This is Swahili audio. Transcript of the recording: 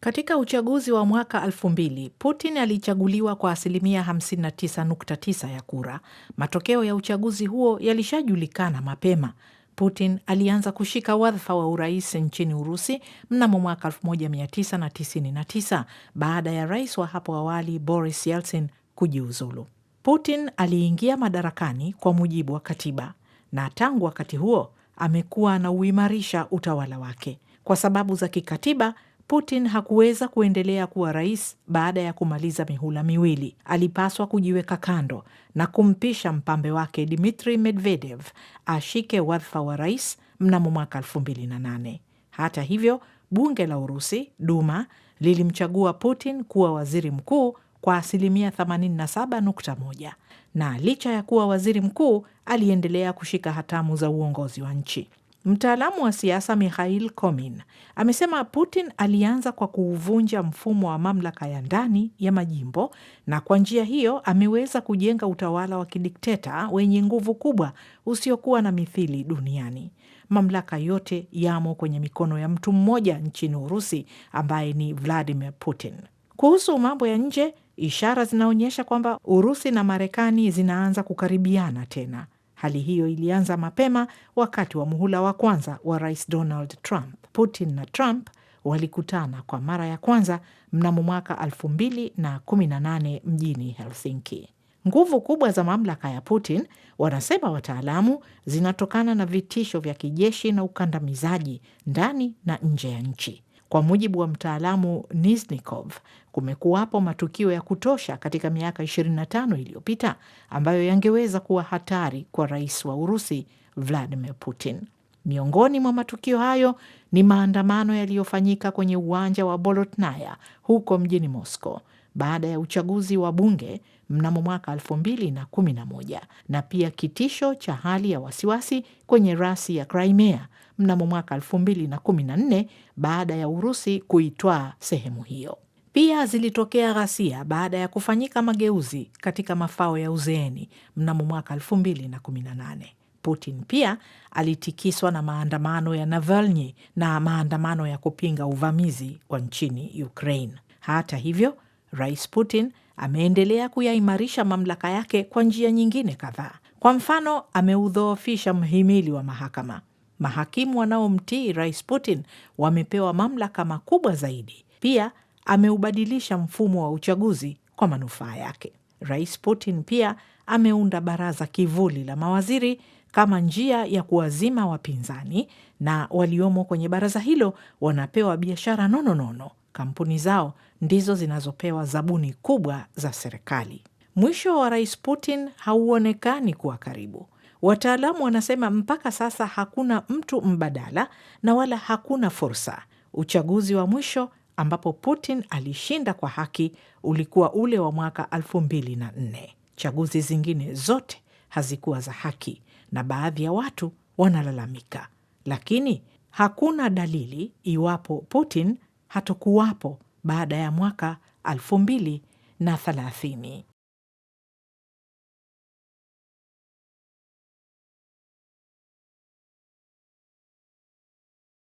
Katika uchaguzi wa mwaka 2000 Putin alichaguliwa kwa asilimia 59.9 ya kura. Matokeo ya uchaguzi huo yalishajulikana mapema. Putin alianza kushika wadhifa wa urais nchini Urusi mnamo mwaka 1999 baada ya rais wa hapo awali Boris Yeltsin kujiuzulu. Putin aliingia madarakani kwa mujibu wa katiba na tangu wakati huo amekuwa anauimarisha utawala wake. Kwa sababu za kikatiba, Putin hakuweza kuendelea kuwa rais baada ya kumaliza mihula miwili. Alipaswa kujiweka kando na kumpisha mpambe wake Dmitri Medvedev ashike wadhifa wa rais mnamo mwaka 2008. Hata hivyo, bunge la Urusi Duma lilimchagua Putin kuwa waziri mkuu kwa asilimia 87.1 na licha ya kuwa waziri mkuu aliendelea kushika hatamu za uongozi wa nchi. Mtaalamu wa siasa Mikhail Komin amesema Putin alianza kwa kuuvunja mfumo wa mamlaka ya ndani ya majimbo na kwa njia hiyo ameweza kujenga utawala wa kidikteta wenye nguvu kubwa usiokuwa na mithili duniani. Mamlaka yote yamo kwenye mikono ya mtu mmoja nchini Urusi ambaye ni Vladimir Putin. Kuhusu mambo ya nje, ishara zinaonyesha kwamba Urusi na Marekani zinaanza kukaribiana tena. Hali hiyo ilianza mapema wakati wa muhula wa kwanza wa Rais Donald Trump. Putin na Trump walikutana kwa mara ya kwanza mnamo mwaka 2018 mjini Helsinki. Nguvu kubwa za mamlaka ya Putin, wanasema wataalamu, zinatokana na vitisho vya kijeshi na ukandamizaji ndani na nje ya nchi. Kwa mujibu wa mtaalamu Nisnikov, kumekuwapo matukio ya kutosha katika miaka 25 iliyopita ambayo yangeweza kuwa hatari kwa rais wa Urusi Vladimir Putin. Miongoni mwa matukio hayo ni maandamano yaliyofanyika kwenye uwanja wa Bolotnaya huko mjini Moscow baada ya uchaguzi wa bunge mnamo mwaka 2011 na pia kitisho cha hali ya wasiwasi kwenye rasi ya Crimea mnamo mwaka 2014 baada ya Urusi kuitwaa sehemu hiyo. Pia zilitokea ghasia baada ya kufanyika mageuzi katika mafao ya uzeeni mnamo mwaka 2018. Putin pia alitikiswa na maandamano ya Navalny na maandamano ya kupinga uvamizi wa nchini Ukraine. Hata hivyo, Rais Putin ameendelea kuyaimarisha mamlaka yake kwa njia nyingine kadhaa. Kwa mfano, ameudhoofisha mhimili wa mahakama. Mahakimu wanaomtii Rais Putin wamepewa mamlaka makubwa zaidi. Pia ameubadilisha mfumo wa uchaguzi kwa manufaa yake. Rais Putin pia ameunda baraza kivuli la mawaziri kama njia ya kuwazima wapinzani, na waliomo kwenye baraza hilo wanapewa biashara nononono nono kampuni zao ndizo zinazopewa zabuni kubwa za serikali. Mwisho wa Rais Putin hauonekani kuwa karibu. Wataalamu wanasema mpaka sasa hakuna mtu mbadala na wala hakuna fursa. Uchaguzi wa mwisho ambapo Putin alishinda kwa haki ulikuwa ule wa mwaka 2004. Chaguzi zingine zote hazikuwa za haki na baadhi ya watu wanalalamika, lakini hakuna dalili iwapo Putin hatokuwapo baada ya mwaka elfu mbili na thelathini.